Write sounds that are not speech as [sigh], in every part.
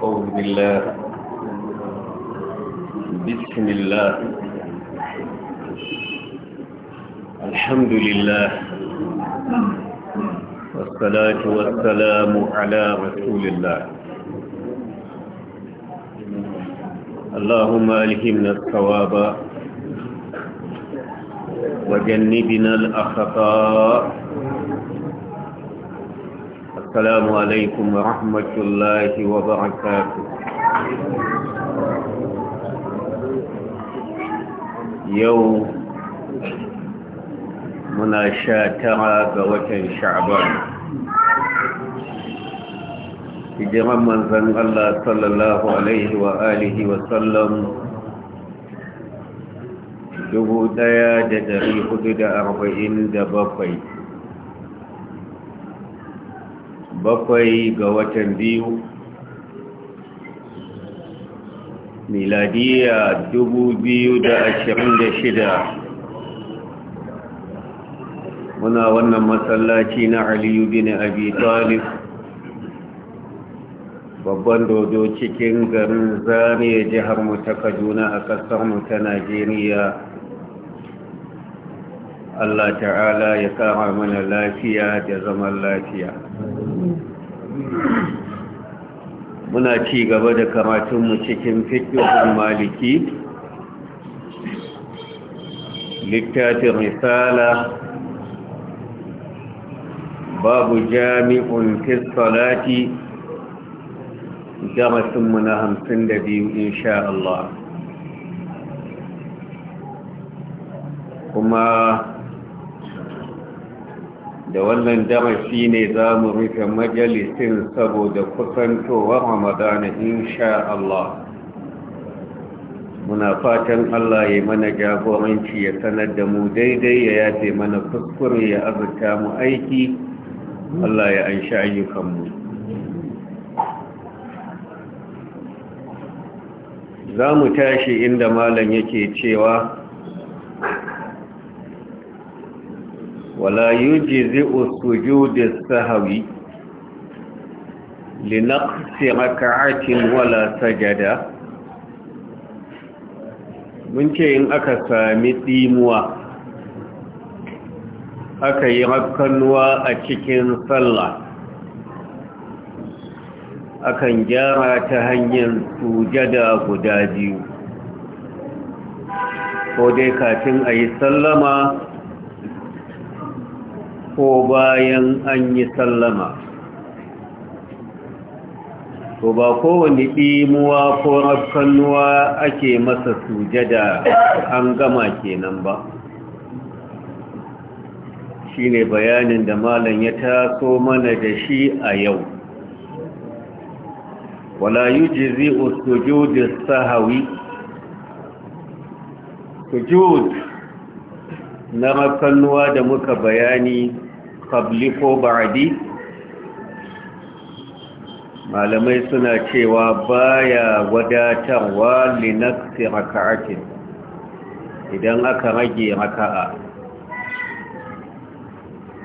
أعوذ بالله بسم الله الحمد لله والصلاة والسلام على رسول الله اللهم ألهمنا الصواب وجنبنا الأخطاء السلام عليكم ورحمة الله وبركاته يوم مناشات راق وكي شعبان إجرام من الله صلى الله عليه وآله وسلم دبودايا جدري حدود أربعين دبقيت bakwai ga watan biyu miladiya dubu biyu da ashirin da shida muna wannan masallaci na aliyu bin abi talib babban dodo cikin garin zane jihar mu ta kaduna a ƙasar mu ta najeriya Allah ta'ala ya kama mana lafiya da zaman lafiya muna ci gaba da karatunmu cikin fikirin maliki littafin risala babu jami'un fi salati darasinmu na hamsin da biyu insha Allah kuma da wannan darasi ne za mu rufe majalisin saboda kusantowar ramadana insha Allah muna fatan Allah ya mana jagoranci ya sanar da mu daidai ya yafe mana kuskure ya azurta mu aiki Allah ya an sha ayyukanmu za mu tashi inda malam yake cewa wala yujzi usujud as-sahwi linaqsi rak'atin wala sajada mun ce in aka sami dimuwa aka yi rakkanuwa a cikin sallah akan gyara ta hanyar sujada guda biyu ko dai kafin a yi sallama ko bayan an yi sallama to ba kowane ɗimuwa ko rafkannuwa ake masa sujada an gama kenan ba shi ne bayanin da malam ya taso mana da shi a yau wala yi jizi usujudin sahawi sujud na rakannuwa da muka bayani qabli ko ba'di malamai suna cewa baya wadatarwa nafsi raka'atin idan aka rage raka'a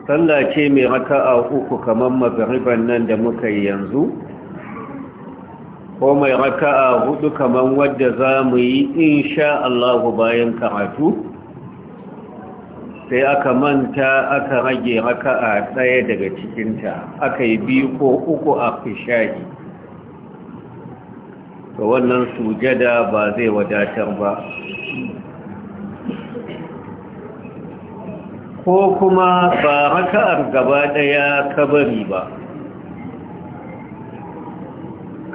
sallah ce mai raka'a uku kamar magriban nan da muka yi yanzu ko mai raka'a hudu kaman wadda za mu yi insha Allah bayan karatu sai aka manta aka rage raka'a tsaye daga cikinta aka yi biyu ko uku a fishari ta wannan sujada ba zai wadatar ba ko kuma ba raka'ar gaba ɗaya kabari ba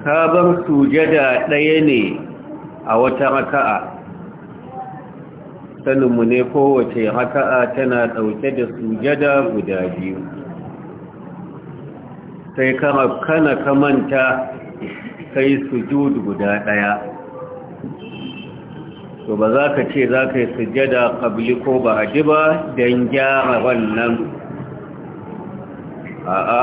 kabar sujada ɗaya ne a wata raka'a saninmu ne kowace raka'a tana ɗauke da sujada guda biyu sai kana ka manta kai sujud guda ɗaya to ba za ka ce za ka yi sujada ƙabli ko ba a ji ba don gyara wannan a'a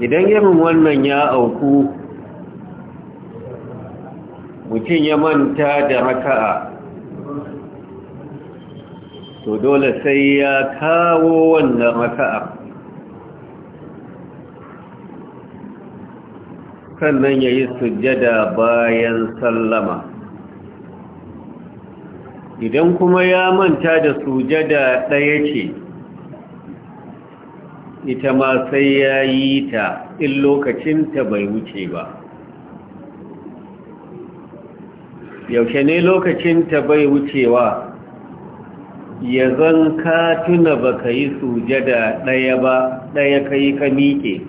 idan irin wannan ya auku mutum ya manta da raka'a to dole sai ya kawo wannan raka'a sannan ya yi sujada bayan sallama idan kuma ya manta da sujada ɗaya ce ita ma sai ya yi ta in lokacinta bai wuce ba yaushe ne lokacin ta bai wucewa ya zan ka tuna ba ka yi sujada ɗaya ba ɗaya ka yi ka miƙe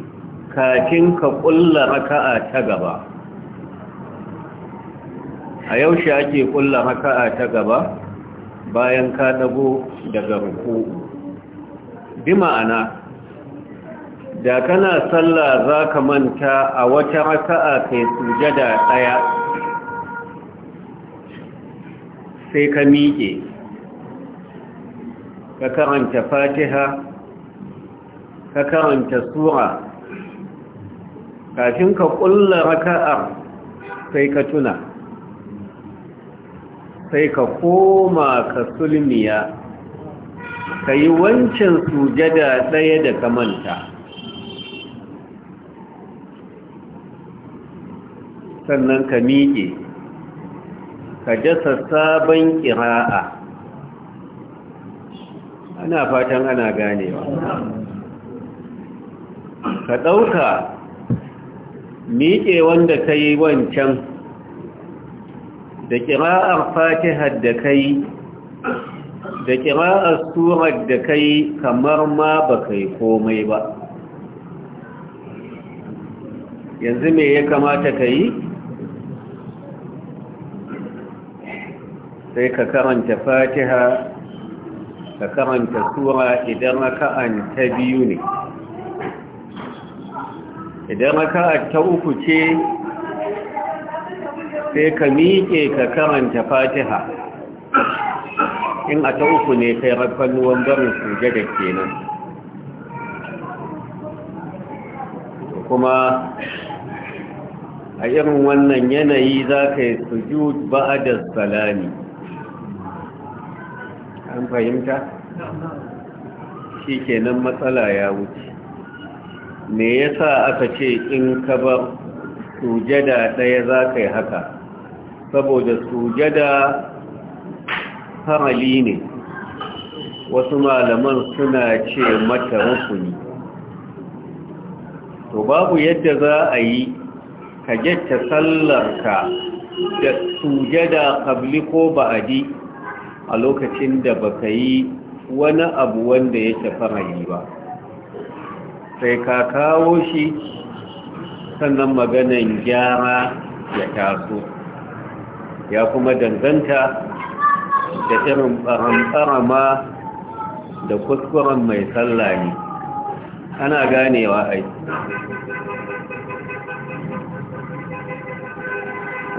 kacin ka ƙulla raka'a ta gaba a yaushe ake ƙulla raka'a ta gaba bayan ka ɗago daga ruku bi ma'ana da kana sallah za ka manta a wata raka'a kai sujada ɗaya sai ka miƙe ka karanta fatiha ka karanta sura kafin ka ƙulla raka'ar sai ka tuna sai ka koma ka sulmiya ka yi wancan sujada ɗaya da ka manta sannan ka miƙe ka dasa sabon ƙira'a ana fatan ana ganewa ka ɗauka miƙe wanda ka yi wancan da ƙira'ar fatihar da ka yi da ƙira'ar turar da ka yi kamar ma ba ka yi komai ba yanzu me ya kamata ka yi sai ka karanta fatiha ka karanta sura idan raka'an ta biyu ne idan raka'a ta uku ce sai ka miƙe ka karanta fatiha in a ta uku ne kai rafannuwan barin suje da kenan kuma a irin wannan yanayi za ka yi sujud ba'adar salami an fahimta shi kenan matsala ya wuce me yasa aka ce in ka ba sujada ɗaya za ka yi haka saboda sujada hamali ne wasu malaman suna ce mata rukuni to babu yadda za a yi ka jatta sallarka da sujada kabli ko ba'adi a lokacin da baka yi wani abu wanda ya shafa rayu ba sai ka kawo shi sannan maganan gyara ya taso ya kuma danganta da irin ɓaramɓarama da kuskuren mai sallah ne ana ganewa ai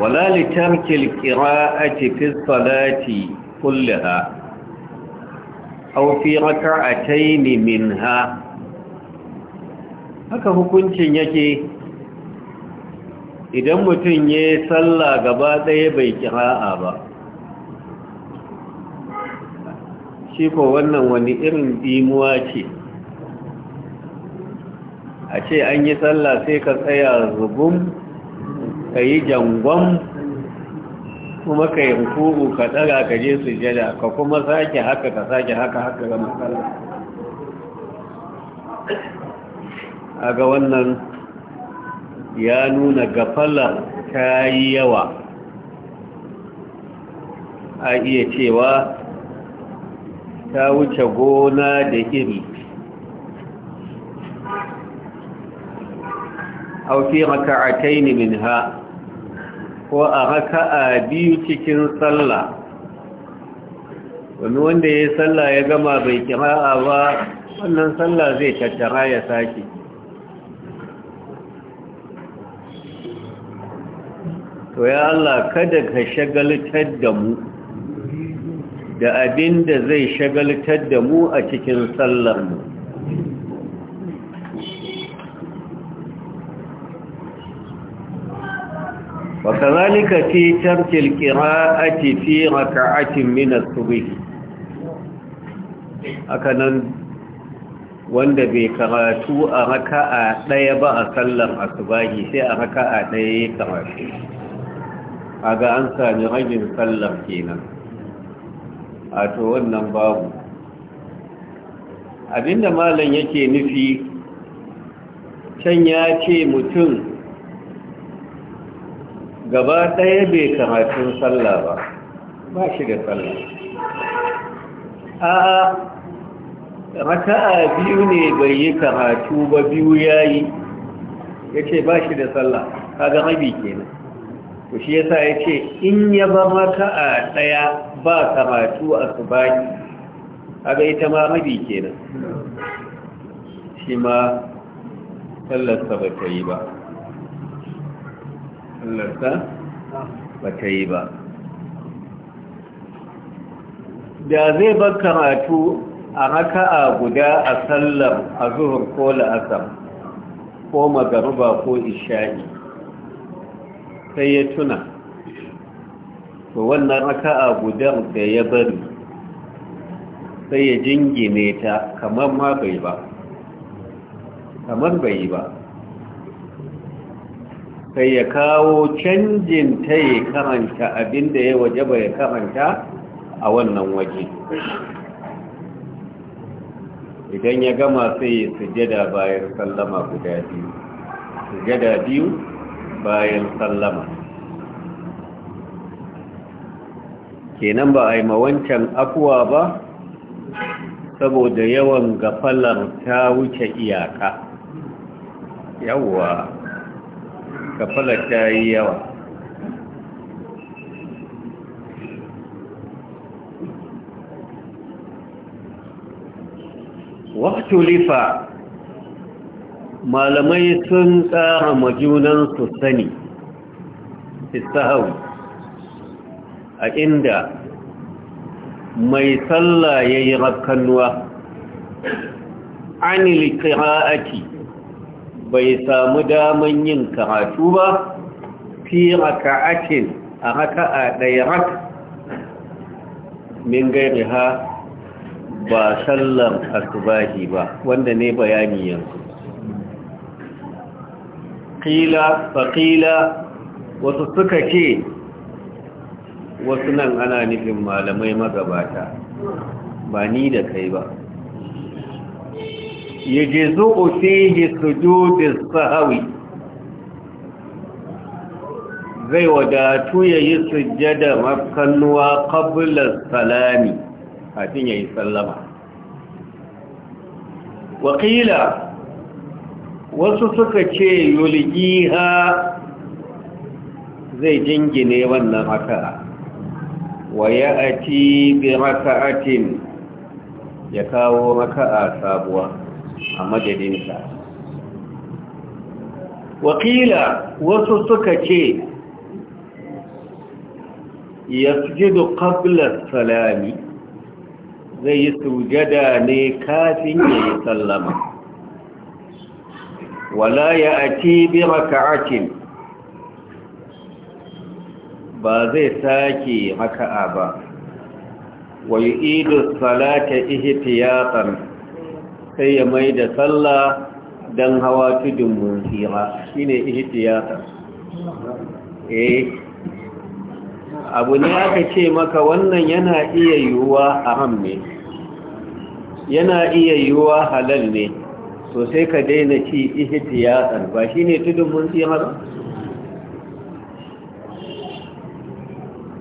wala litarkil a cikin salati كلها أو في ركعتين منها haka hukuncin yake idan mutum ya yi sallah gaba ɗaya bai kira'a ba shi ko wannan wani irin dimuwa ce a ce an yi sallah sai ka tsaya zubun ka yi jangon kuma ka yi hukuku ka tsara ka je su jada ka kuma sake haka ka sake haka haka ga matsala a ga wannan ya nuna gafala ta yi yawa a iya cewa ta wuce gona da iri auki raka'ataini minha ko a a biyu cikin sallah wani wanda ya yi sallah ya gama bai kira a ba wannan sallah zai tattara ya sake to ya Allah kada ka shagaltar da mu da abin da zai shagaltar da mu a cikin sallar mu وكذلك في ترك القراءة في ركعة من الصبح أكنا wanda bai karatu a raka'a ɗaya ba a sallar asubahi sai a raka'a ɗaya ya karatu a ga an sami ragin sallar kenan a to wannan babu abinda malam yake nufi can ya ce mutum gaba ɗaya bai karatun sallah ba ba shi da sallah a a biyu ne bai yi karatu ba biyu ya yi ya ce ba shi da sallah kaga rabi kenan to shi yasa ya ce in ya ba a ɗaya ba karatu a su baki kaga ita ma rabi kenan shi ma sallarsa ba ta yi ba sallarsa ba ta yi ba da zai bar karatu a a guda a sallar a zuhur ko la'asar ko magaruba ko isha'i sai ya tuna to wannan a gudan da ya bari sai ya jingine ta kamar ma bai ba kamar bai ba kai ya kawo canjin ta ya karanta abinda ya waje ba ya karanta a wannan waje idan ya gama sai ya sujada bayan sallama guda biyu sujada biyu bayan sallama kenan ba a yi mawancan afuwa ba saboda yawan gafalar ta wuce iyaka yawwa kafalar ta yi yawa waktulifa malamai sun tsara majunan su sani fisahawi a inda mai tsalla ya yi rakkanuwa anil kira'aki bai samu daman yin karatu ba fi raka'atin a a ɗaya rak min gari ha ba sallar asubahi ba wanda ne bayani yanzu Ba ƙila wasu suka ce wasu nan ana nufin malamai magabata ba ni da kai ba يجزء فيه سجود الصهو zai wadatu ya yi sujjada makannuwa ƙabilar salami kafin ya yi sallama wakila wasu suka ce ha zai jingine wannan haka wa ya ati bi raka'atin ya kawo raka'a sabuwa a madadinsa wakila wasu suka ce ya da salami zai yi sujada ne kafin ya yi sallama wala ya ake bi raka'atin ba zai sake raka'a ba wa yi idu salata ihtiyatan sai ya mai da sallah don hawa tudun mun tsira shi ne ihtiyata eh abu ne aka ce maka wannan yana iya yiwuwa a hamme yana iya yiwuwa halal ne to sai ka daina ci ihtiyatan ba shine ne tudun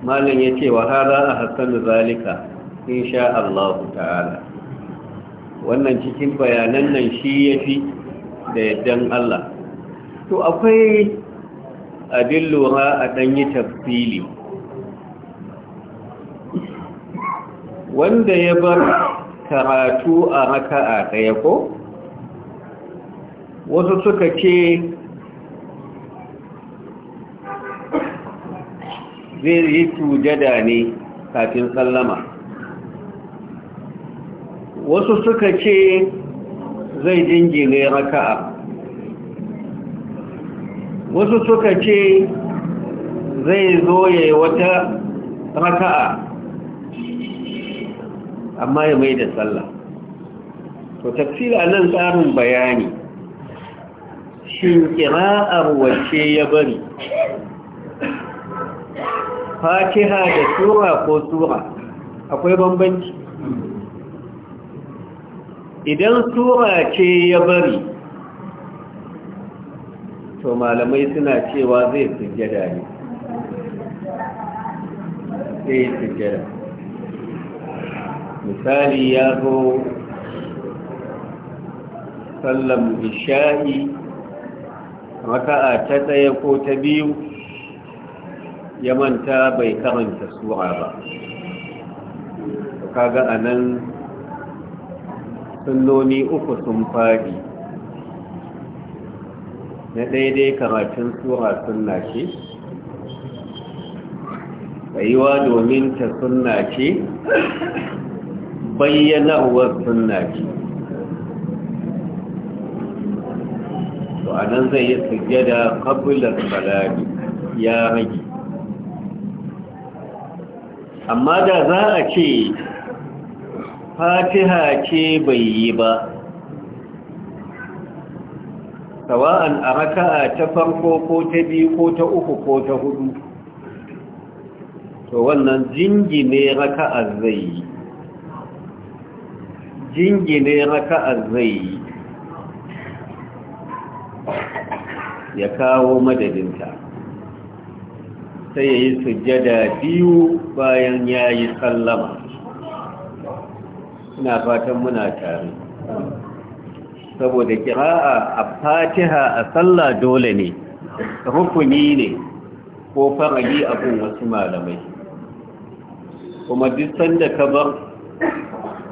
malam ya ce wa hara a hassan zalika sha Allah ta'ala wannan cikin bayanan nan shi ya fi da yaddan Allah to akwai abin lura a ɗanyi tafili wanda ya bar karatu a raka'a ɗaya ko wasu suka ce zai yi tujada ne kafin sallama wasu suka ce zai jingire raka'a wasu suka ce zai zo ya yi wata raka'a amma ya mai da sallah to tafsira nan tsarin bayani shin kira'ar wacce ya bari fatiha da tura ko tura akwai bambanci idan sura ce ya bari to malamai suna cewa zai sujjada ne zai sujjada misali ya zo sallam isha'i raka'a ta ɗaya ko ta biyu ya manta bai karanta sura ba ka kaga anan salloli uku sun faɗi na daidai karatun sura suna ce tsayuwa domin ta sunna ce bayyanarwar suna ce to a nan zai yi sujjada kabilar balari ya rage amma da za a ce fatiha ce bai yi ba sawa'an a raka'a ta farko ko ta biyu ko ta uku ko ta hudu to wannan jingine raka'a zai yi jingine raka'a zai yi ya kawo madadinta sai ya yi sujjada biyu bayan ya yi sallama ina fatan muna tare saboda kira'a a fatiha a sallah dole ne rukuni ne ko faragi abin wasu malamai kuma duk sanda ka bar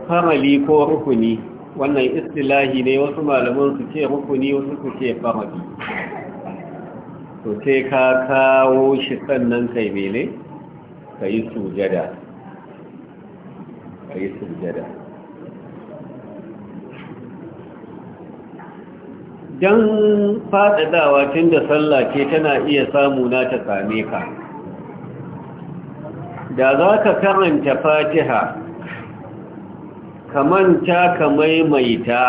farali ko rukuni wannan istilahi ne wasu malamai su ce rukuni wasu su ce farali to sai ka kawo shi sannan kai mele ka yi sujada ka yi sujada don faɗaɗawa tun da sallah ce tana iya samu na ta same ka da za ka karanta fatiha kamanta ka maimaita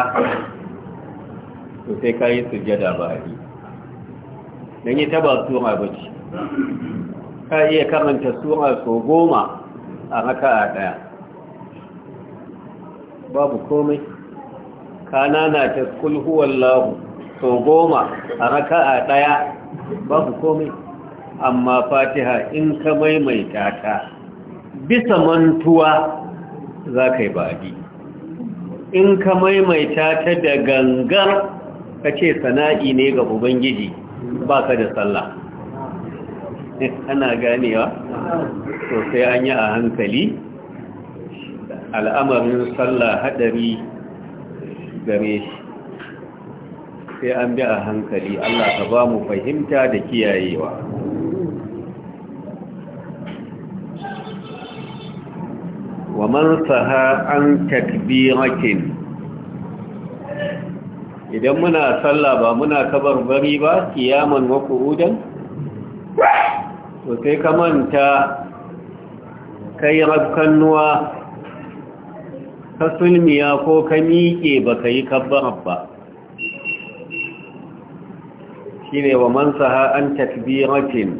to sai ka yi sujada ba yi don yi taba sura bace ka iya karanta sura so goma a haka a ɗaya babu komai kanana ta kulhuwallahu so goma a raka'a ɗaya babu komai amma fatiha in ka maimaita ta bisa mantuwa za ka yi baɗi in ka maimaita ta da gangar ka ce sana'i ne ga ubangiji ba ka da sallah [laughs] ana ganewa sosai an yi a hankali al'amarin sallah haɗari gare shi sai an bi a hankali Allah ka ba mu fahimta da kiyayewa wa man saha an takbiratin idan muna sallah ba muna kabar bari ba kiyaman wa qu'udan to sai ka manta kai rabkannuwa ka sulmiya ko ka miƙe ba ka yi kabbar ba ne wa man saha an takbiratin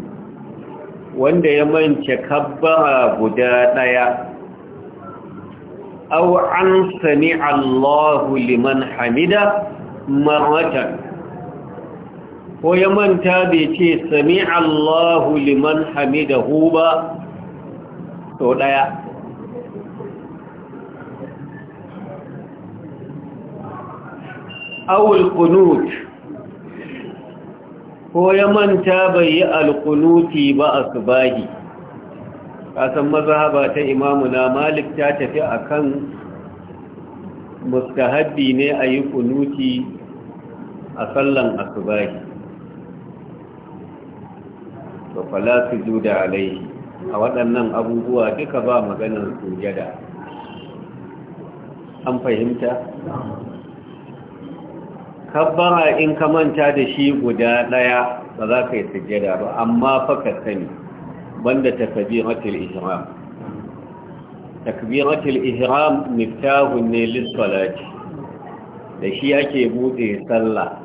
wanda ya manca kabbara guda ɗaya aw an sami Allahu liman hamida maratan ko ya manta bai ce sami Allahu liman hamidahu ba to ɗaya awul kunut ko ya manta bai yi alkunuti ba a kasan mazhaba ta imamuna malik ta tafi akan mustahabbi ne a yi kunuti a sallan asubahi to fala da alai a waɗannan abubuwa duka ba maganar sujada an fahimta kabbara in ka manta da shi guda daya ba za ka yi sujjada ba amma fa ka sani banda takbiratul ihram takbiratul ihram miftahun ne lis-salati da shi ake bude sallah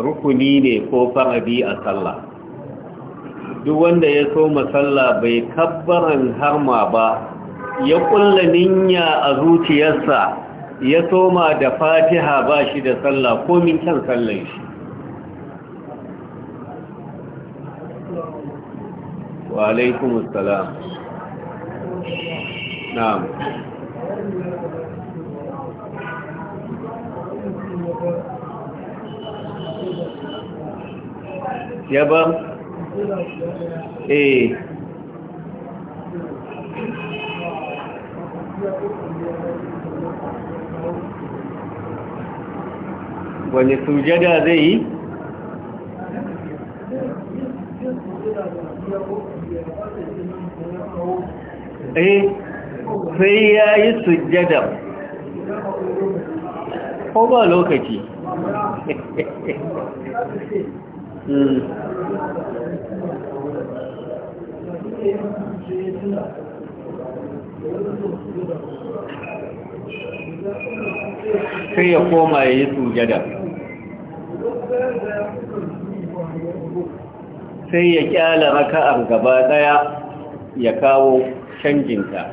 rukuni ne ko farabi a sallah duk wanda ya so masalla bai kabbaran harma ba ya kulla ninya a zuciyarsa ya soma da fatiha ba shi da sallah komin kyan sallan shi wa alaikum assalam na'am ya ba eh wani sujada zai yi eh sai ya yi sujada ko ba lokaci [laughs] Mm. sai ya koma ya yi sujada sai ya kyala raka'ar gaba daya ya kawo canjinta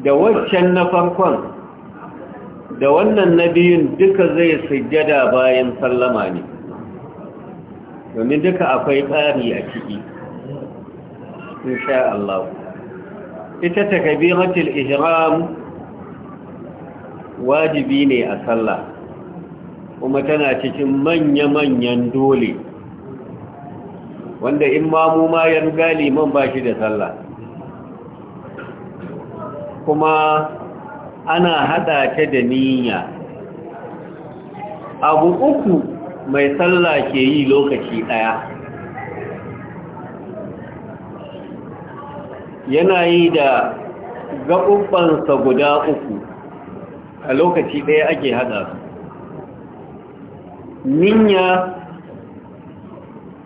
da waccan na farkon da wannan na biyun duka zai sujada bayan sallama ne domin duka akwai tsari a ciki sha Allah ita ta takabiratul ihram wajibi ne a sallah kuma tana cikin manya-manyan dole wanda in mamu ma yan galiman liman ba shi da sallah kuma ana hada ta da niyya abu uku mai sallah ke yi lokaci daya yana yi da gaɓuɓɓansa guda uku a lokaci ɗaya ake haɗa su ninya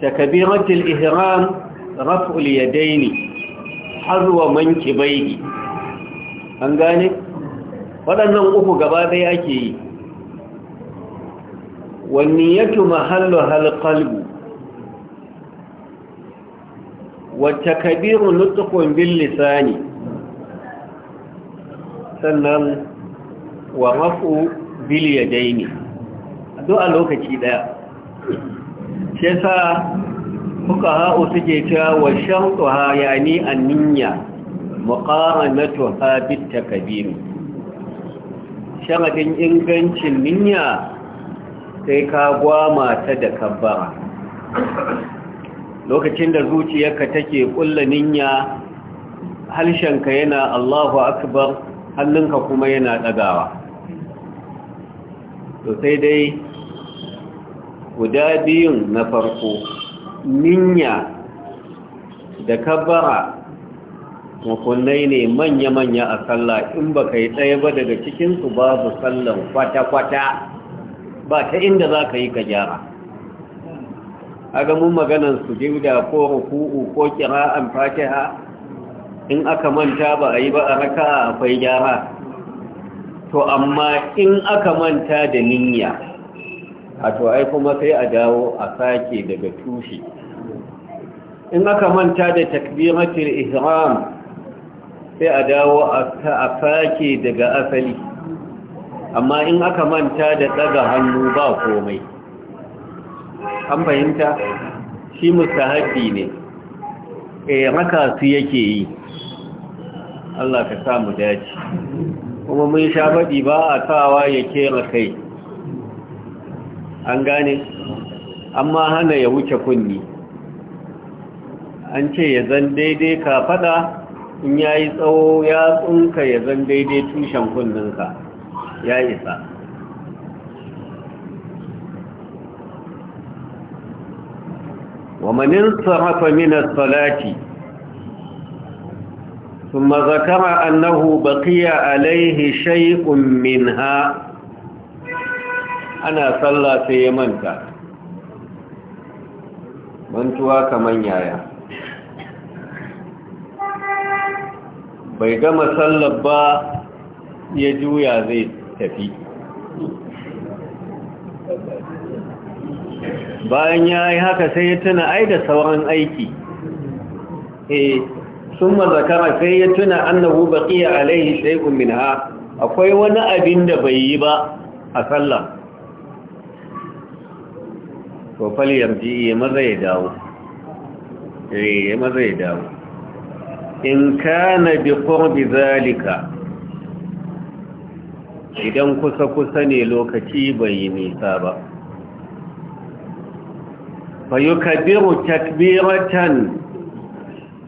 ta kabiratul ihram raf'ul yadaini manki mankibaini an gane waɗannan uku gaba ɗaya ake yi wanniyatu mahallu halqalbu wacce kabiru nutukun bin lisani sannan wa mafu biliya daini duk a lokaci daya shi sa kuka ha'u suke cewa wa shan tsoha ya ni a ninya na ha ta kabiru sharadin ingancin ninya sai ka gwama ta da kabbara lokacin da zuciyarka take kulla ninya harshenka yana Allahu akbar hannunka kuma yana dagawa to sai dai guda biyun na farko ninya da kabbara makunnai ne manya-manya a sallah in ba ka yi tsaye ba daga cikinsu babu sallan kwata-kwata ba ta inda za ka yi ka gyara aga mun su sujuda ko ruku'u ko kira'an fatiha in aka manta ba a yi ba a raka akwai gyara to amma in aka manta da niyya a to ai kuma sai a dawo a sake daga tushe in aka manta da takbiratul ihram sai a dawo a sake daga asali amma in aka manta da daga hannu ba komai an fahimta shi mustahabbi ne eh raka su yake yi Allah ka sa mu dace kuma mun sha faɗi ba a sawa ya kera kai an gane amma hana ya wuce kunni an ce ya zan daidai ka faɗa in ya yi tsawo ya tsunka ya zan daidai tushen kunninka ya isa ومن انصرف من الصلاة ثم ذكر أنه بقي عليه شيء منها أنا صلى سيمنك منتوا كمن يايا bai gama sallar ba ya juya zai tafi bayan ya yi haka sai ya tuna ai da sauran aiki eh sun mazakara sai ya tuna annahu baqiya alaihi shay'un minha akwai wani abin da bai yi ba a sallah to fal yarji maza ya dawo eh, ya dawo in kana bi qurbi zalika idan kusa kusa ne lokaci bai yi nisa ba kabiru takbiratan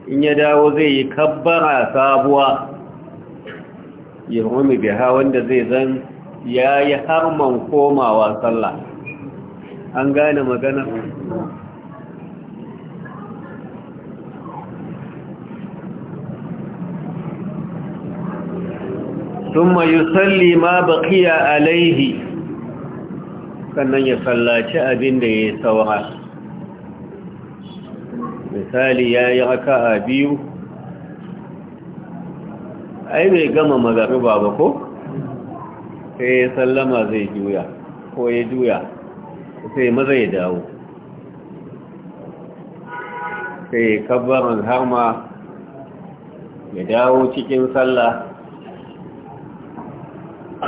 in ya dawo zai yi kabbara sabuwa ya rumi biha wanda zai zan ya yi harman komawa sallah an gane magana ثم يصلي ما بقي عليه sannan ya sallaci abin da ya saura misali ya yi a biyu ai mai gama magariba ba ko sai ya sallama zai juya ko ya juya sai maza ya dawo sai kabarin harma ya dawo cikin sallah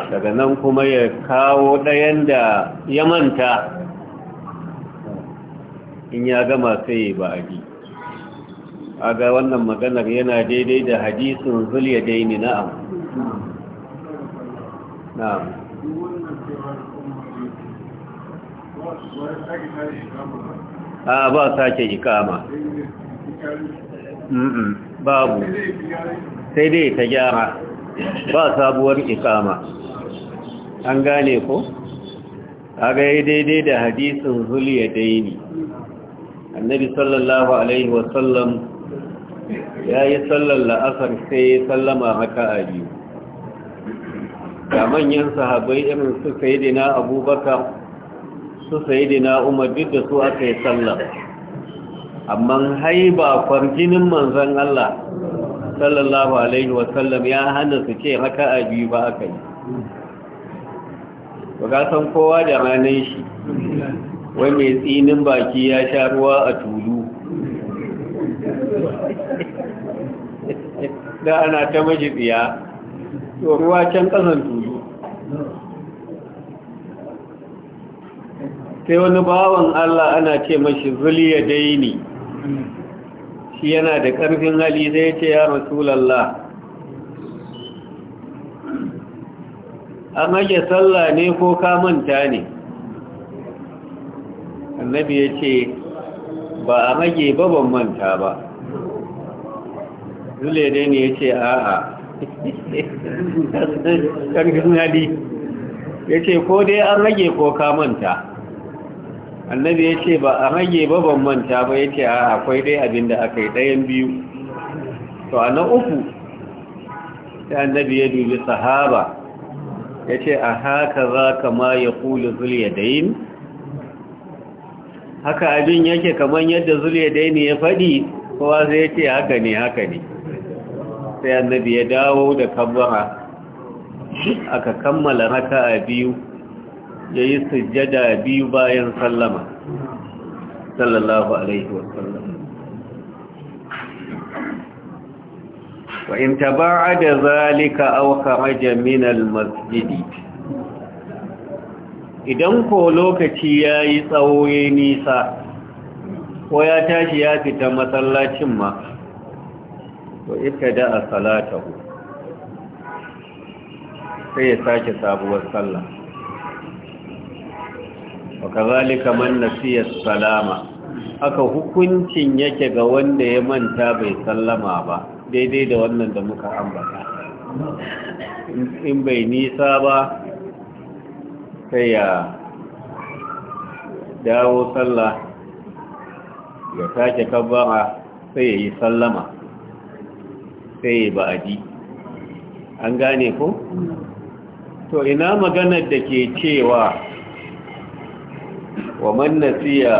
daga nan kuma ya kawo ɗayan da ya manta in ya gama sai ba a ji aga wannan maganar yana daidai da hadisin zulya daini na'am na'am a ba sake ikama babu sai dai ta gyara ba sabuwar ikama an gane ko aga yi daidai da hadisin zulya daini annabi sallallahu alaihi wasallam ya yi sallar la'asar sai ya sallama haka a biyu ga manyan sahabai irin su na abubakar su na umar duk da su aka yi sallar amma haiba kwarginin manzan Allah sallallahu alaihi wasallam ya hana su ce haka a biyu ba aka yi ba san kowa da ranar shi wai mai tsinin baki ya sha ruwa a tulu da ana ta mashi tsiya to ruwa can ƙasan tudu sai wani bawan Allah ana ce mashi zuliya daini shi yana da ƙarfin hali zai ce ya rasulallah an hake sallah ne ko ka manta ne annabi ya ce ba a hake baban manta ba zule dai ne ya ce a'a ya ce ko dai an rage ko ka manta annabi ya ce ba a rage ba ban manta ba ya ce a akwai dai abin da aka yi ɗayan biyu to a na uku sai annabi ya dubi sahaba ya ce a haka za ka ma ya kuli zuliya yin haka abin yake kamar yadda zuliya dain ya faɗi kowa zai ce haka ne haka ne sai annabi ya dawo da kabbara aka kammala raka'a biyu ya yi sujjada biyu bayan sallama sallallahu alaihi wasallam wa in taba'ada zalika aw kharaja min al-masjid idan ko lokaci yayi tsawo nisa ko ya tashi ya fita masallacin ma to ita da a salatahu sai ya sake sabuwar sallah wa kazalika man nasiya salama aka hukuncin yake ga wanda ya manta bai sallama ba daidai da wannan da muka ambata in bai nisa ba sai ya dawo sallah ya sake kabba sai ya yi sallama sai ya ba'adi an gane ko to ina maganar da ke cewa wa man nasiya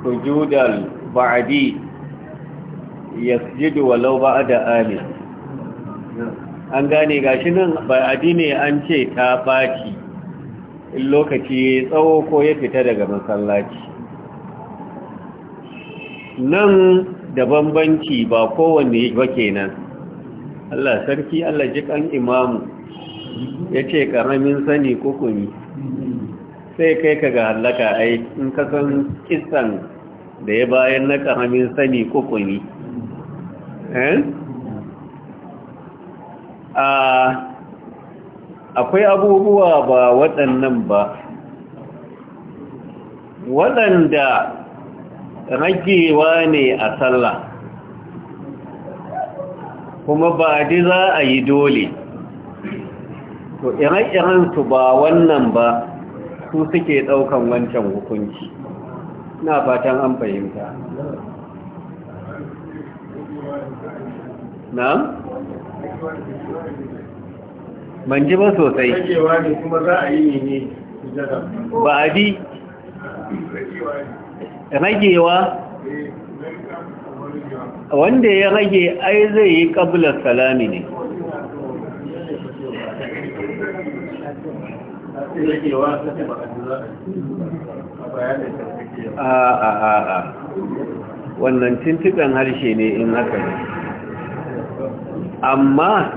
sujudal ba'adi yasjudu walau ba'da amin an gane gashi nan ba'adi ne an ce ta baci in lokaci tsawo ko ya fita daga masallaci nan da bambanci ba kowanne ba kenan Allah sarki Allah jikan imamu ya ce ƙaramin sani kukuni sai kai ka ga hallaka ai in ka san kisan da ya bayan na ƙaramin sani kukuni eh? akwai abubuwa ba waɗannan ba waɗanda ragewa ne a sallah kuma ba ji za a yi dole to ire-iren su ba wannan ba su suke daukan wancan hukunci na fatan an fahimta na? ban ji ba sosai ba a di ragewa wanda ya rage ai zai yi ƙablar salami ne a a a a wannan tintikan harshe ne in haka ne amma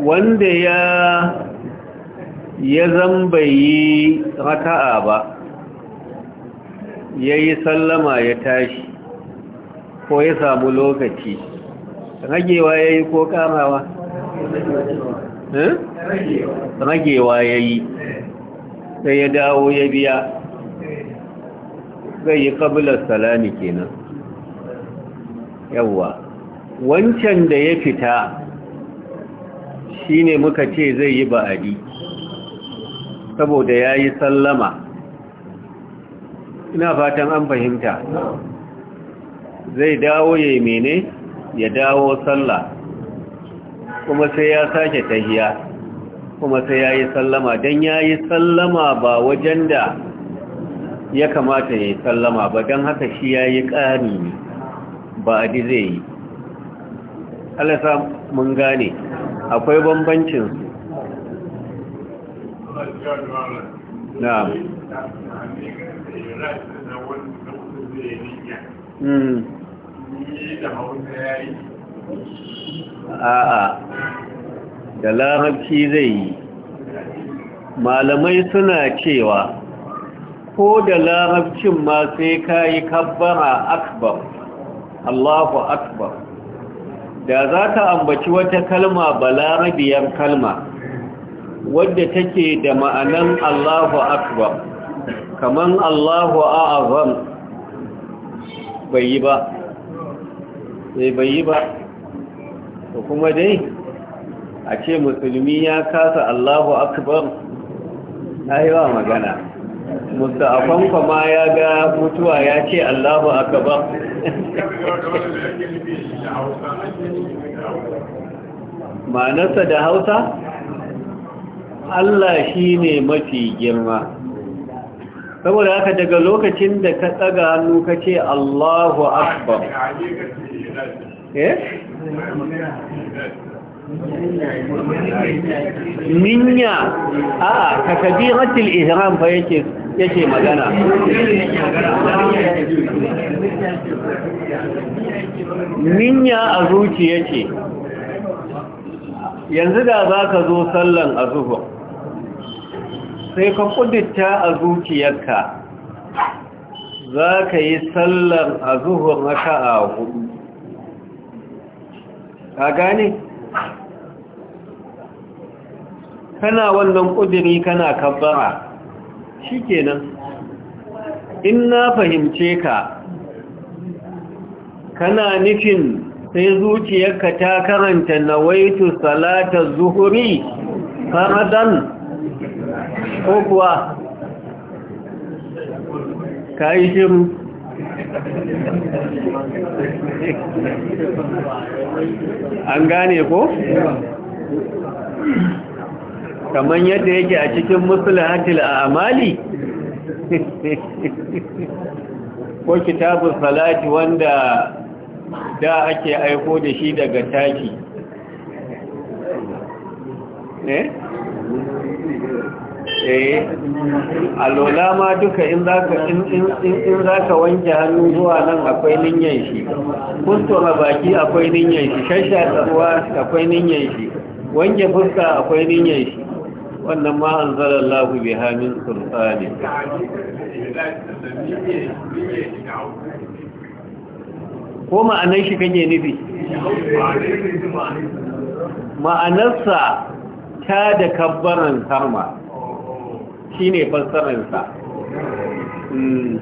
wanda ya ya yi rata'a ba ya yi sallama ya tashi ko ya samu lokaci ragewa ya yi ko kamawa eh? ragewa ya yi sai ya dawo ya biya zai yi kabilar salami kenan yawwa wancan da ya fita shi ne muka ce zai yi ba'adi saboda ya yi sallama ina fatan an fahimta zai dawo ya mene ya dawo sallah kuma sai ya sake tahiya kuma sai ya yi sallama don ya yi sallama ba wajen da ya kamata ya yi sallama ba don haka shi ya yi ƙari ne ba a zai yi alasa mun gane akwai bambancin na'am a'a da larabci zai yi malamai suna cewa ko da larabcin ma sai ka yi kabbara akbar allahu akbar da za ka ambaci wata kalma balarabiyar kalma wadda take da ma'anan allahu akbar kaman Allahu a'azam bai yi ba sai eh, bai yi ba to kuma dai a ce musulmi ya kasa Allahu akbar na yi wa magana musta'afan kuma ya ga mutuwa ya ce Allahu akbar ma'anarsa da hausa Allah shi ne mafi girma saboda haka daga lokacin da ka tsaga hannu ka ce Allahu Akbar eh? minya a ka kabiratul ihram fa yake yake magana minya a zuciya ce yanzu da za ka zo sallan a zuhur sai ka kudita a zuciyarka za ka yi sallar a zuhun raka a hudu ka gane kana wannan ƙudiri kana kabbara shi kenan in na fahimce ka kana nufin sai zuciyarka ta karanta nawaitu salata zuhuri faradan ko kuwa ka yi shiru an gane ko? kamar yadda yake a cikin musulahatil a amali ko kitabun salati wanda da ake aiko da shi daga taki eh? a eh, alola ma duka in za ka wanke hannu zuwa nan akwai ninyan shi kuskura baki akwai ninyan shi shashata tsaruwa akwai ninyan shi wanke fuska akwai ninyan shi wannan ma an zara lagu bi hamin sultani ko ma'anar shi kake nufi ma'anarsa ta da kabbaran harma shi ne fassararsa hmm.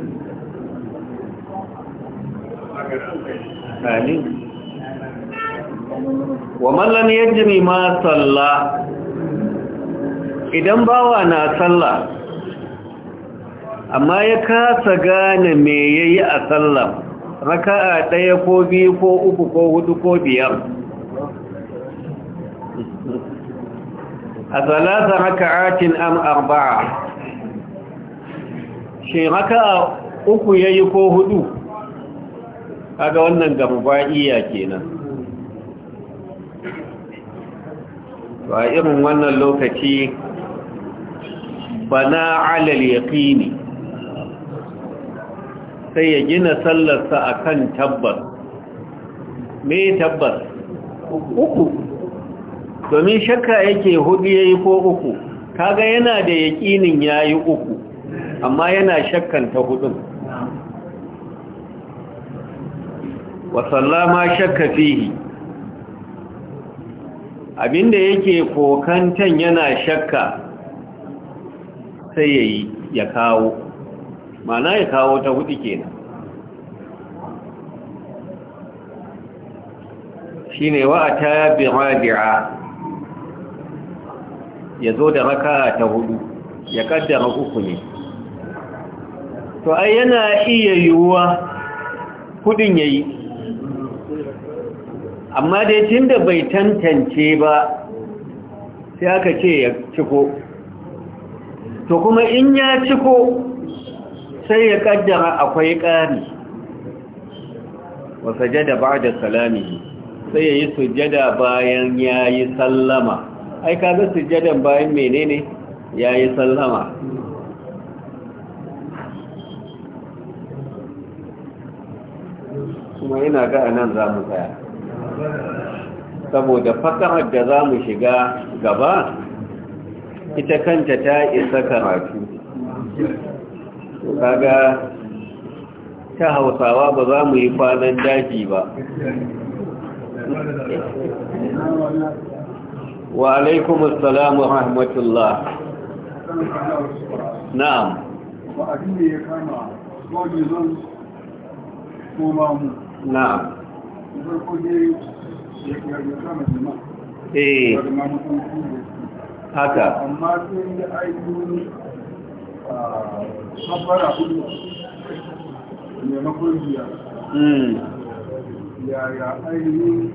wa mallan ma salla idan bawa na salla amma ya kasa gane me ya yi a sallar raka'a ɗaya ko biyu ko uku ko hudu ko biyar a salasa raka'atin am arba'a shi raka'a uku yayi ko hudu kaga wannan gambaiya kenan to a irin wannan lokaci bana alal yaqini sai ya gina sallarsa akan tabbas me tabbas uku domin shakka yake hudu yayi ko uku kaga yana da ya yayi uku amma yana shakkan ta hudun wa shakka fihi abinda yake kokantan yana shakka sai yayi ya kawo mana ya kawo ta hudu kenan shine wa ta bi radi'a ya zo da raka ta hudu ya kaddara uku ne to ai yana iya yiwuwa hudun ya yi amma dai tun da bai tantance ba sai aka ce ya ciko to kuma in ya ciko sai ya kaddara akwai ƙari wasa jada ba da salami sai ya yi sujada bayan ya yi sallama ai ka ga sujjadan bayan menene ya yi sallama kuma ina ga nan za mu tsaya saboda fasahar da za mu shiga gaba ita kanta ta isa karatu kaga ta hausawa ba za mu yi kwanan daji ba wa alaikum assalam wa rahmatullah na'am kuma abin da ya kama koma mu na'am ya kama jima eh haka amma da yaya ainihin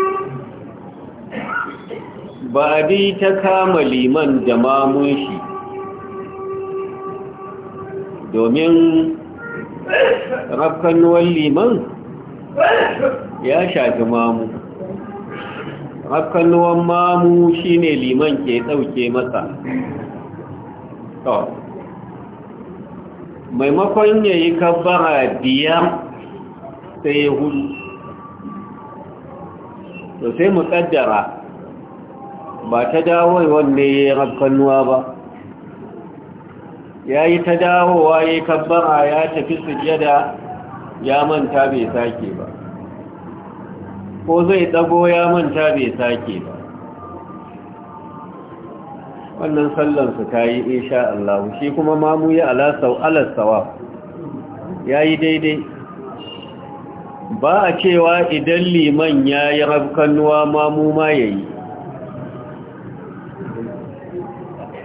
ba a bi ta kama liman da mamun shi domin rafkanuwan liman ya shafi mamu rafkanuwan mamu shine liman ke ɗauke masa maimakon ya yi kabbara biyar sai ya hudu to sai mu ƙaddara ba ta dawo wanne ya yi rafkannuwa ba ya yi ta dawowa ya kabbara ya tafi sujjada ya manta bai sake ba ko zai tsago ya manta bai sake ba wannan sallansu ta yi insha Allah shi kuma mamu ya alasau alasawa ya yi daidai ba a cewa idan liman ya yi rabkanuwa mamu ma ya yi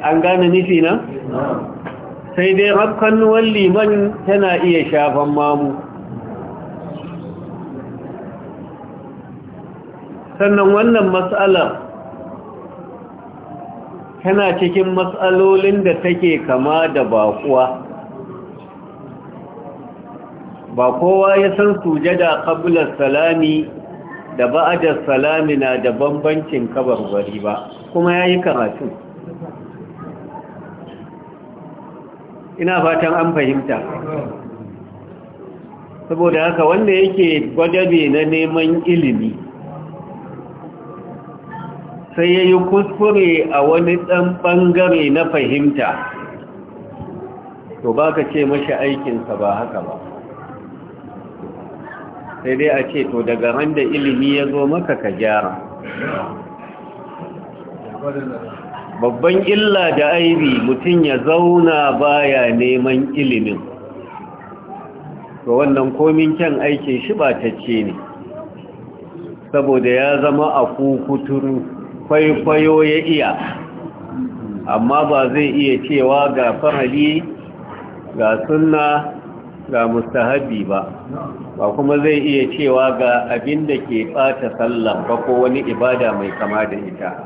an gane nufi na sai dai wani liman tana iya shafan mamu sannan wannan matsalar tana cikin matsalolin da take kama da bakuwa ba kowa ya san sujada qabla salami da ba'adar salami na da bambancin kabarbari ba kuma yi karatu ina fatan an fahimta saboda haka wanda yake gwadabe na neman ilimi sai ya yi kuskure a wani ɗan ɓangare na fahimta to ba ka ce mashi aikinsa ba haka ba sai dai a ce to daga randa ilimi ya zo maka ka gyara babban illa da aibi mutum ya zauna baya neman ilimin ga wannan komin kyan aikin shi ba ta ce ne saboda ya zama a kukuturu kwaikwayo ya iya amma ba zai iya cewa ga fahali ga sunna ga mustahabi ba ba kuma zai iya cewa ga abinda ke ɓata sallah ba ko wani ibada mai kama da ita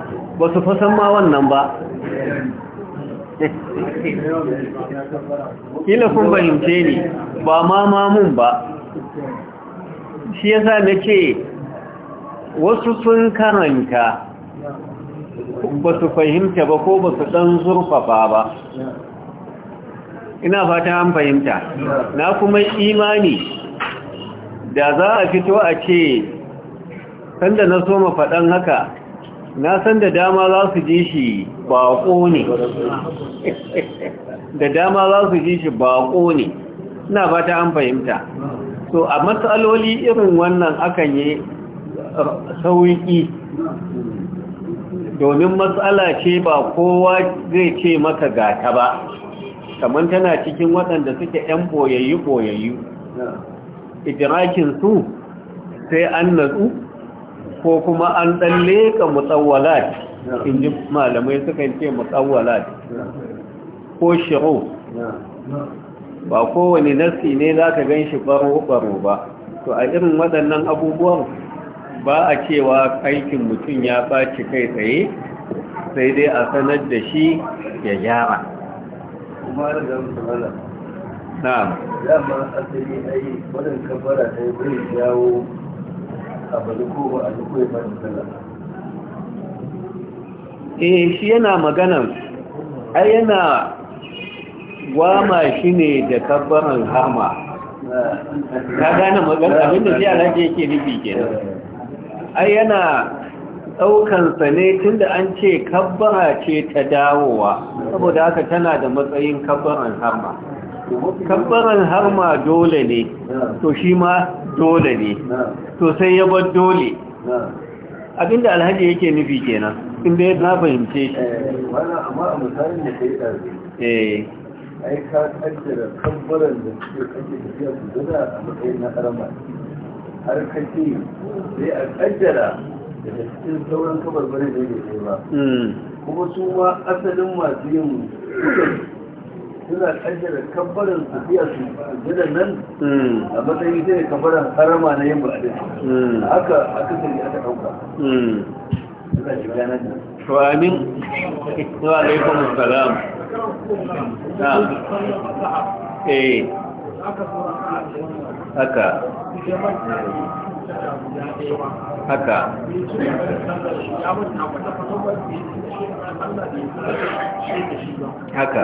ba su fasan ma wannan ba kila kun fahimce ne ba ma mamun ba shi yasa na ce wasu sun karanta ba su fahimta ba ko ba su ɗan zurfafa ba ina fata an fahimta na kuma imani da za a fito a ce sanda na so faɗan haka na san da dama za su ji shi baƙo ne da dama za su ji shi baƙo ne na ba ta an fahimta so a matsaloli irin wannan akan yi sauƙi domin matsala ce ba kowa zai ce maka gata ba kamar tana cikin waɗanda suke 'yan ɓoyayyu-ɓoyayyu idirakin su sai an natsu ko kuma an ɗan leka mutsawalat in ji malamai suka ce mutsawalat ko shiru ba kowane nasi ne za ka gan shi baro-baro ba to a irin waɗannan abubuwan ba a cewa aikin mutum ya ɓaci kai tsaye sai dai a sanar da shi ya gyara na'am ma asali ai wadanda kabara ta yi jawo eh shi yana maganan ai yana wama shi ne da kabbaran hama ka gane magana abinda ya rage yake nufi kenan ai yana ɗaukansa ne tunda an ce kabbara ce ta dawowa saboda haka tana da matsayin kabbaran hama kabbaran har ma dole ne to shi ma dole ne to sai ya bar dole abinda alhaji yake nufi kenan inda ya na fahimce shi amma a misalin da ka yi eh ai ka kaddara kabbaran da suke kake da su gada a matsayin na ƙarama har sai a kaddara daga cikin sauran bane da ya ba hmm. kuma su ma asalin masu yin suna kaddara kabbaran su biya su jira nan hmm. a matsayin harama na yin hmm. haka aka sani aka ɗauka hmm. amin na eh haka haka haka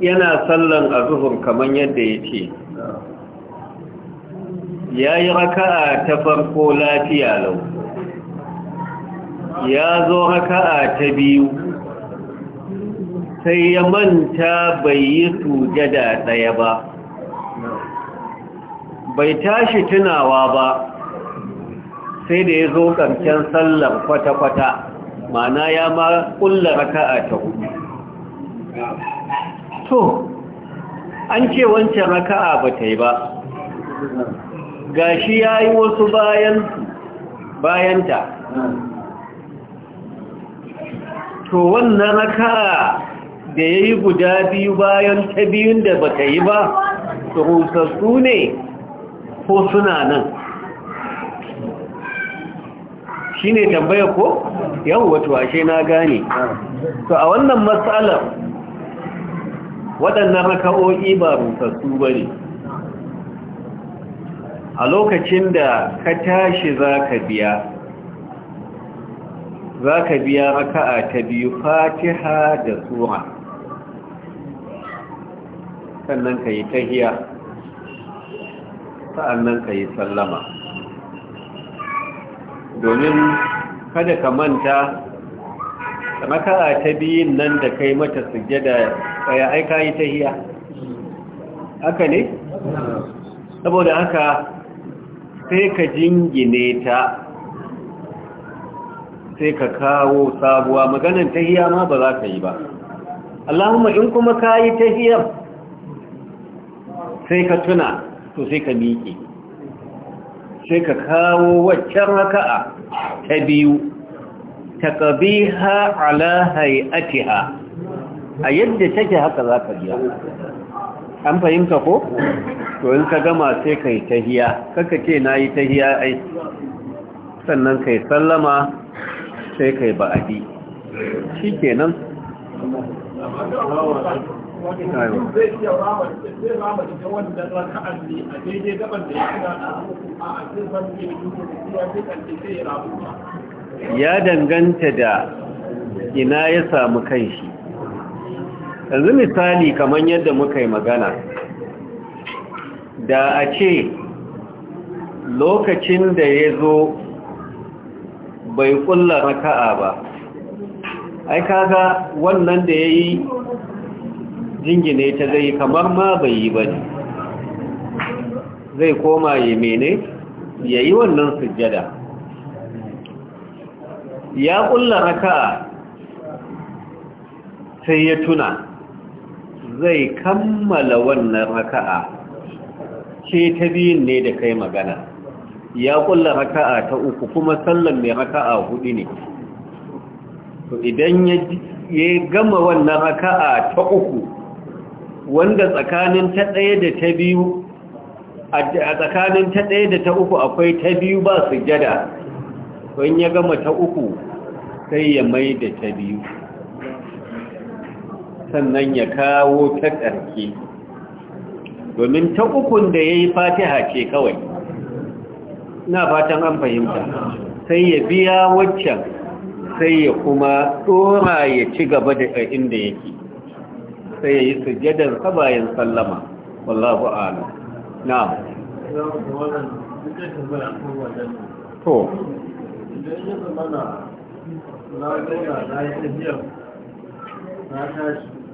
yana sallan a zuhur kamar yadda ya ce ya yi raka'a ta farko lafiya lau ya zo raka'a ta biyu sai ya manta bai yi sujada ɗaya ba bai tashi tunawa ba sai da ya zo ƙarshen sallar kwata-kwata mana ya ma ƙulla raka'a ta hudu to an ce wancan raka'a ba ta yi ba gashi ya yi wasu bayanta to wannan raka'a da ya yi guda biyu bayan ta biyun da ba ta yi ba rusassu ne ko suna nan shi ne tambaya ko yawon wato ashe na gane to a wannan matsalar waɗannan raka'o'i ba rusassu ba ne a lokacin da ka tashi za ka biya za ka biya raka'a ta biyu fatiha da sura sannan ka yi tahiya sa'annan ka yi sallama domin kada ka manta raka'a ta biyun nan da kai mata sujjada tsaya ai ta tahiya haka ne saboda haka sai ka jingine ta sai ka kawo sabuwa maganan tahiya ma ba za ka yi ba Allahumma in kuma ka yi tahiyar sai ka tuna to sai ka miƙe sai ka kawo waccan raka'a ta biyu ta ha, ala ha. a yadda take haka za ka biya an fahimta ko? to in ka gama sai ka yi tahiya kaka ce na yi tahiya ai sannan ka yi sallama sai ka yi ba'adi shi ke nan? ya danganta da ina ya samu kan shi? yanzu misali kamar yadda muka yi magana da a ce lokacin da ya zo bai kulla raka'a ba ai kaga wannan da ya yi jingine ta zai kamar ma bai yi ba zai koma ya mene ya yi wannan sujjada ya kulla raka'a sai ya tuna zai kammala wannan raka'a ce ta biyun ne da kai magana ya kulla raka'a ta uku kuma sallan mai raka'a hudu ne to idan ya gama wannan raka'a ta uku wanda tsakanin ta ɗaya da ta biyu a tsakanin ta ɗaya da ta uku akwai ta biyu ba su jada wani ya gama ta uku sai ya mai da ta biyu sannan ya kawo ta ƙarfi domin ta ukun da ya yi fatiha ce kawai na fatan an fahimta sai ya biya waccan sai ya kuma tsora ya ci gaba da inda yake sai ya yi sujadar bayan sallama wallahu ala na to na na na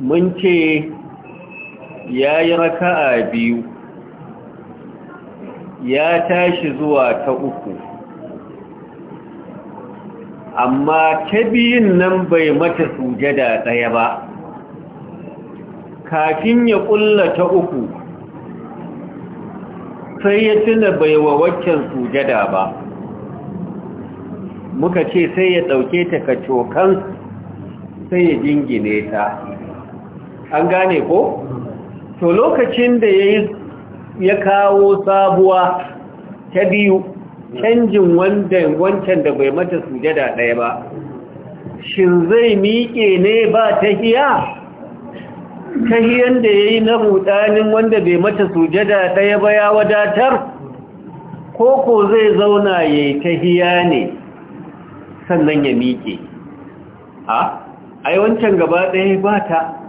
mun ce ya yi raka'a biyu ya tashi zuwa ta uku amma ta biyun nan bai mata sujada ɗaya ba kafin ya ƙulla ta uku sai ya tuna bai wa waccan sujada ba muka ce sai ya ɗauke ta kacokan sai ya jingine ta an gane ko to lokacin da ya kawo sabuwa ta biyu canjin wancan da bai mata sujada ɗaya ba shin zai miƙe ne ba tahiya tahiyan da yayi na rudanin wanda bai mata sujada ɗaya ba ya wadatar koko zai zauna yayi tahiya ne sannan ya miƙe a ai wancan gaba ɗaya ba ta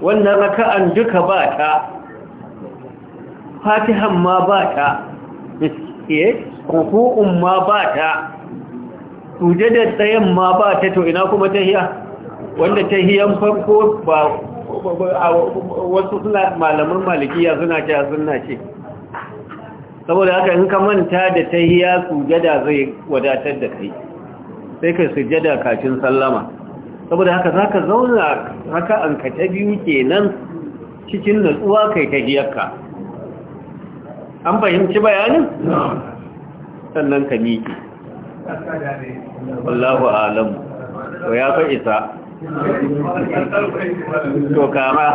wannan raka'an duka ba ta fatihan ma ba ta miske eh? ma ba ta da tsayen ma ba ta to ina kuma tahiya wanda tahiyan farko ba wasu suna malaman malikiya suna ce suna ce saboda haka in ka manta da tahiya sujada zai wadatar da kai sai ka sujada kacin sallama saboda haka za ka zauna haka an ka ta biyu kenan cikin natsuwa kai ta jiyarka an fahimci bayanin? sannan ka miki wallahu alam to ya fa isa to kama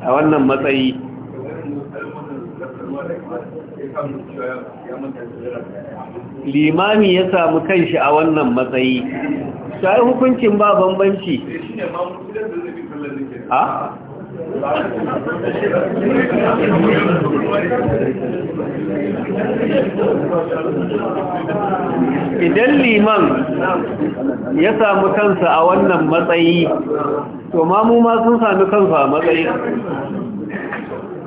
a wannan matsayi limami ya samu kanshi a wannan matsayi yi hukuncin ba bambanci a idan liman ya samu kansa a wannan matsayi to mamu ma sun sami kansa a matsayi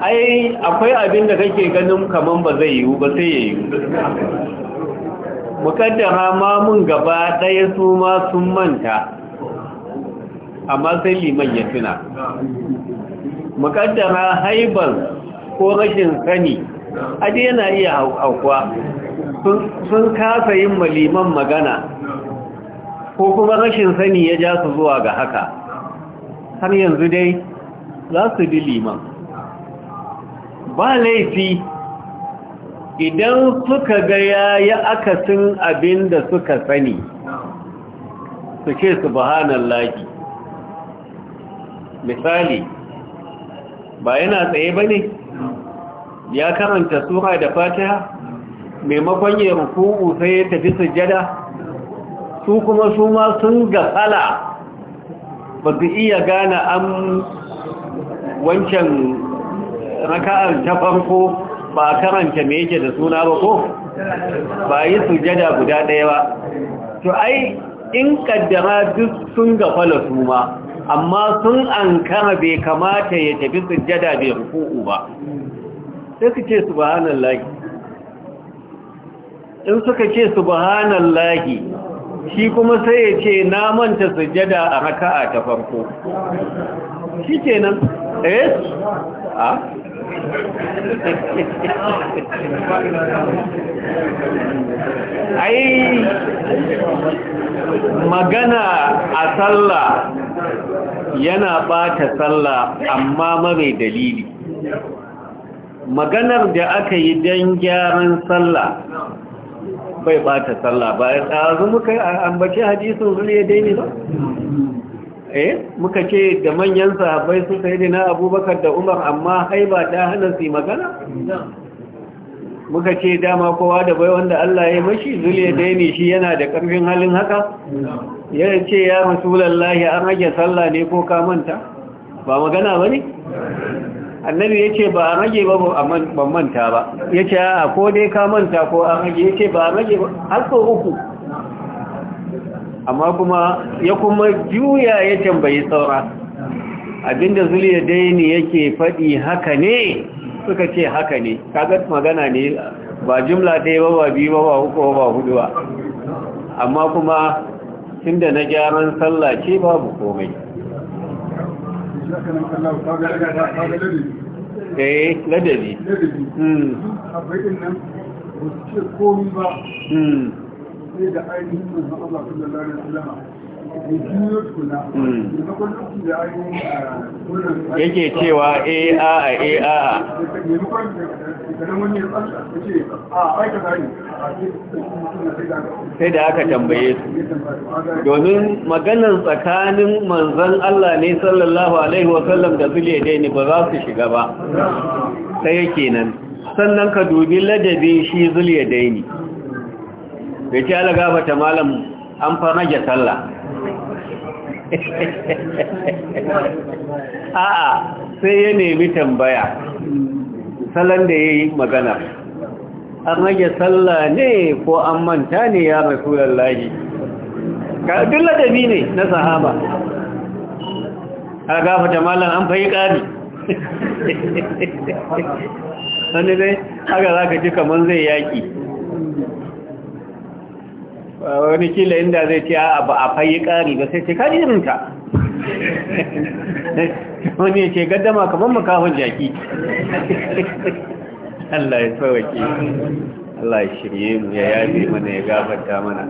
ai akwai abin da kake ganin kamar ba zai yiwu ba sai ya yiwu mukaddara ma mun gaba ɗaya su ma sun manta amma sai liman ya tuna mukaddara haibar ko rashin sani aji yana iya haukwa sun kasa yin maliman magana ko kuma rashin sani ya ja su zuwa ga haka har yanzu dai za su bi liman ba laifi idan suka ga yayi akasin abin da suka sani su ce subhanallahi misali ba yana tsaye bane ya karanta sura da fatiha maimakon ya ruku'u sai ya tafi sujjada su kuma su ma sun tsala ba su iya gane an wancan raka'ar ta farko ba karanta me yake da suna ba ko ba yi sujada guda ɗaya ba to ai in kaddara duk sun gafala su ma amma sun ankara bai kamata ya tafi sujada bai ruku'u ba sai su ce subhanallahi in suka ce subhanallahi shi kuma sai ya ce na manta sujada a raka'a ta farko shi kenan eh a ah? ai magana a sallah yana bata sallah amma mare dalili maganar da aka yi don gyaran sallah bai bata sallah ba ya tsazu muka ambaci hadisun zule daini ba eh muka ce da manyan sahabbai su sai na abubakar da umar amma haiba ta hana su magana muka ce dama kowa da bai wanda Allah ya mashi zuliya ya ne shi yana da ƙarfin halin haka ya ce ya rasulullahi an rage sallah ne ko ka manta ba magana ba ne annabi ya ce ba a rage ba ban manta ba ya ce a ko dai ka manta ko an rage ya ce ba a rage ba har uku amma kuma ya kuma juya ya tambayi saura abinda zuliya daini yake faɗi haka ne suka ce haka ne kagat magana ne ba jumla ta ba ba biyu ba ba uku ba hudu ba amma kuma tun da na gyaran sallah ce babu komai eh ladabi da ainihin manzon mm. eh, yake cewa a a a a sai da aka tambaye su domin maganar tsakanin manzan Allah ne sallallahu alaihi wasallam da zule dai ne ba za su shiga ba sai yake nan sannan ka dubi ladabi shi zule dai ne bai ce ala gabata malam an fa rage sallah [laughs] a'a sai ya nemi tambaya salon da ya yi magana an rage sallah ne ko an manta ne ya rasu lallahi. duk ladabi ne na sahaba a gafata malam an fayi ƙari [laughs] wani ne haka za ka ji kamar zai yaƙi wani kila inda zai ce a ba a fayi ƙari ba sai ce ka irinka wani ce gaddama kamar makahon jaki Allah ya tsawake Allah ya shirye mu ya yaji mana ya gabata mana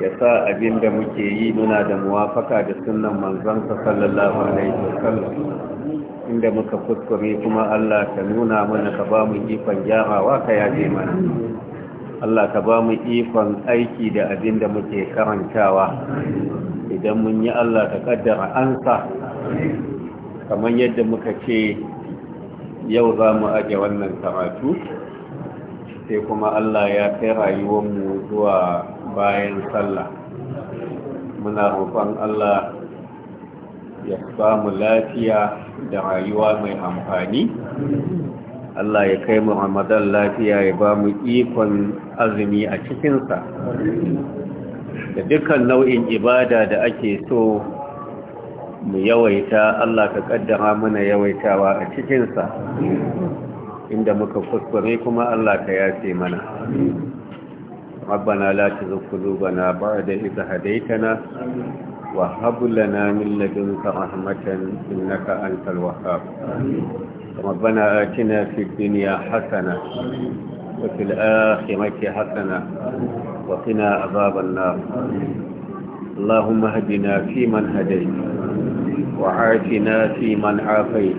ya sa abin da muke yi muna da muwafaka da sunan manzansa sallallahu alaihi wasallam inda muka kuskure kuma Allah ka nuna mana ka ba mu ikon gyarawa ka yabe mana Allah ka ba mu ikon aiki da abin da muke karantawa idan mun yi Allah ta kaddara ansa kamar yadda muka ce yau za mu aje wannan karatu sai kuma Allah ya kai rayuwar mu zuwa bayan sallah muna roƙon Allah ya ba mu lafiya da rayuwa mai amfani Allah ya kai mu Ramadan lafiya ya ba mu ikon azumi a cikinsa da dukkan nau'in ibada da ake so mu yawaita Allah ka kaddara mana yawaitawa a cikinsa inda muka kuskure kuma Allah ka yace mana ربنا لا bada قلوبنا hadaytana wa hab lana min ladunka rahmatan innaka antal wahhab amin ربنا آتنا في الدنيا حسنة وفي الآخرة حسنة وقنا عذاب النار اللهم اهدنا فيمن هديت وعافنا فيمن عافيت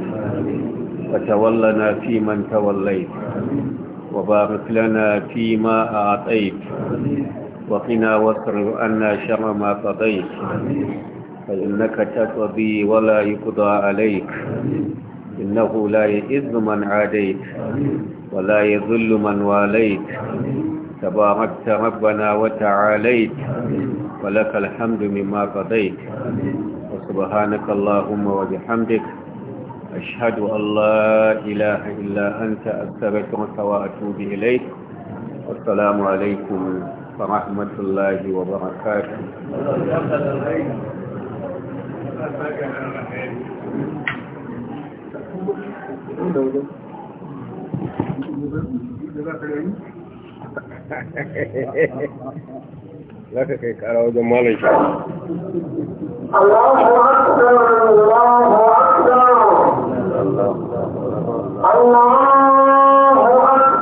وتولنا فيمن توليت وبارك لنا فيما أعطيت وقنا واصرف عنا شر ما قضيت فإنك تقضي ولا يقضى عليك إنه لا يئذ من عاديت ولا يذل من واليت تباركت ربنا وتعاليت ولك الحمد مما قضيت وسبحانك اللهم وبحمدك أشهد أن لا إله إلا أنت أستغفرك وأتوب إليك والسلام عليكم ورحمة الله وبركاته za ka kai kara wajen malar shi Allahu akbar Allahu akbar Allahu akbar